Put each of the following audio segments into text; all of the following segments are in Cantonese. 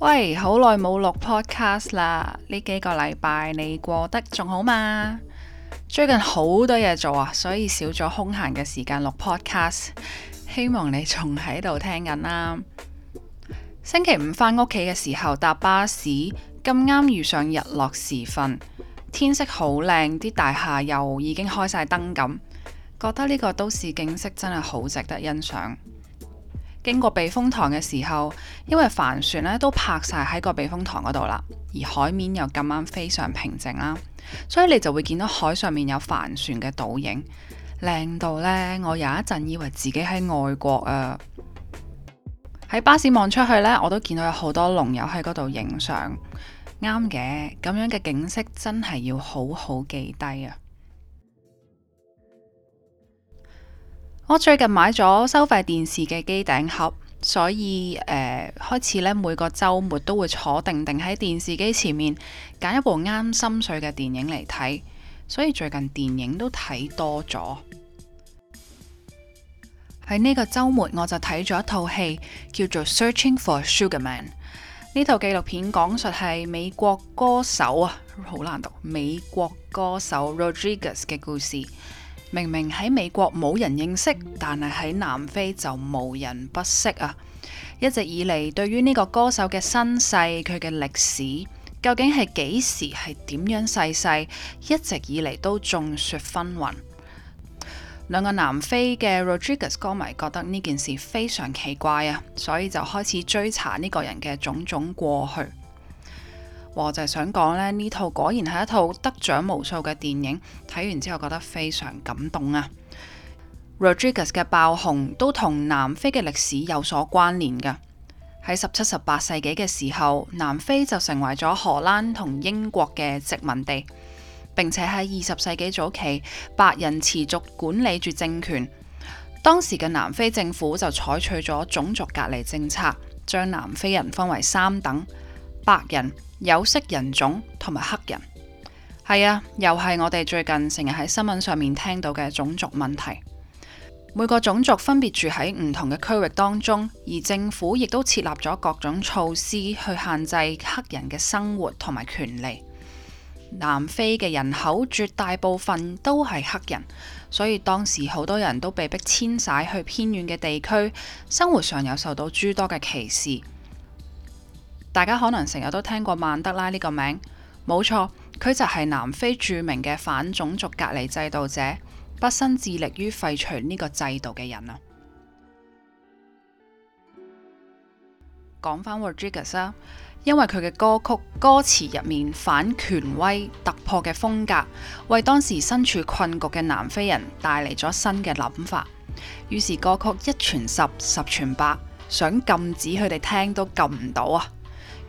喂，好耐冇錄 podcast 啦！呢幾個禮拜你過得仲好嘛？最近好多嘢做啊，所以少咗空閒嘅時間錄 podcast。希望你仲喺度聽緊啦。星期五返屋企嘅時候搭巴士，咁啱遇上日落時分，天色好靚，啲大廈又已經開晒燈咁，覺得呢個都市景色真係好值得欣賞。經過避風塘嘅時候，因為帆船咧都泊晒喺個避風塘嗰度啦，而海面又咁啱非常平靜啦，所以你就會見到海上面有帆船嘅倒影，靚到呢，我有一陣以為自己喺外國啊。喺巴士望出去呢，我都見到有好多龍友喺嗰度影相，啱嘅，咁樣嘅景色真係要好好記低啊。我最近買咗收費電視嘅機頂盒，所以誒、呃、開始咧每個周末都會坐定定喺電視機前面揀一部啱心水嘅電影嚟睇，所以最近電影都睇多咗。喺呢個周末我就睇咗一套戲叫做《Searching for Sugar Man》。呢套紀錄片講述係美國歌手啊，好難讀，美國歌手 Rodriguez 嘅故事。明明喺美國冇人認識，但係喺南非就無人不識啊！一直以嚟，對於呢個歌手嘅身世，佢嘅歷史究竟係幾時，係點樣逝世、世，一直以嚟都眾說紛紜。兩個南非嘅 Rodriguez 歌迷覺得呢件事非常奇怪啊，所以就開始追查呢個人嘅種種過去。我就係想講咧，呢套果然係一套得獎無數嘅電影。睇完之後覺得非常感動啊。Rodriguez 嘅爆紅都同南非嘅歷史有所關聯嘅。喺十七、十八世紀嘅時候，南非就成為咗荷蘭同英國嘅殖民地。並且喺二十世紀早期，白人持續管理住政權。當時嘅南非政府就採取咗種族隔離政策，將南非人分為三等：白人。有色人種同埋黑人。係啊，又係我哋最近成日喺新聞上面聽到嘅種族問題。每個種族分別住喺唔同嘅區域當中，而政府亦都設立咗各種措施去限制黑人嘅生活同埋權利。南非嘅人口絕大部分都係黑人，所以當時好多人都被迫遷徙去偏遠嘅地區，生活上有受到諸多嘅歧視。大家可能成日都聽過曼德拉呢個名，冇錯，佢就係南非著名嘅反種族隔離制度者，畢生致力於廢除呢個制度嘅人啊。講翻沃吉格啊，因為佢嘅歌曲歌詞入面反權威突破嘅風格，為當時身處困局嘅南非人帶嚟咗新嘅諗法，於是歌曲一傳十，十傳百，想禁止佢哋聽都禁唔到啊！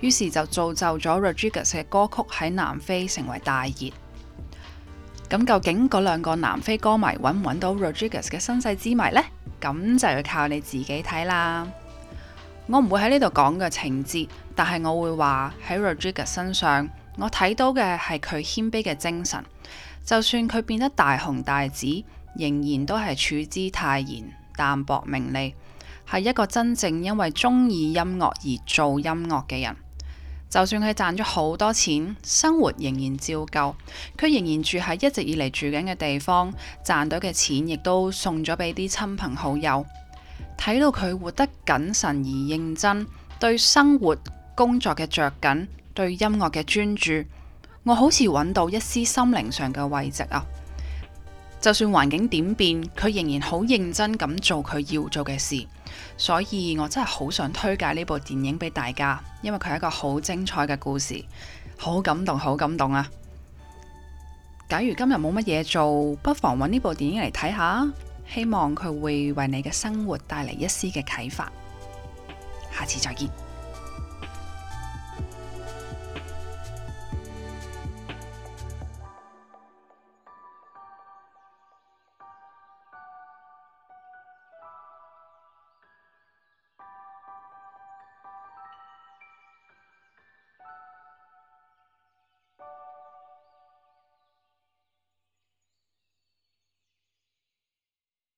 於是就造就咗 Rodriguez 嘅歌曲喺南非成為大熱。咁究竟嗰兩個南非歌迷搵唔搵到 Rodriguez 嘅身世之謎呢？咁就要靠你自己睇啦。我唔會喺呢度講嘅情節，但係我會話喺 Rodriguez 身上，我睇到嘅係佢謙卑嘅精神。就算佢變得大紅大紫，仍然都係處之泰然，淡薄名利，係一個真正因為中意音樂而做音樂嘅人。就算佢賺咗好多錢，生活仍然照舊，佢仍然住喺一直以嚟住緊嘅地方，賺到嘅錢亦都送咗俾啲親朋好友。睇到佢活得謹慎而認真，對生活、工作嘅着緊，對音樂嘅專注，我好似揾到一絲心靈上嘅慰藉啊！就算環境點變，佢仍然好認真咁做佢要做嘅事。所以我真係好想推介呢部電影俾大家，因為佢係一個好精彩嘅故事，好感動，好感動啊！假如今日冇乜嘢做，不妨揾呢部電影嚟睇下，希望佢會為你嘅生活帶嚟一絲嘅啟發。下次再見。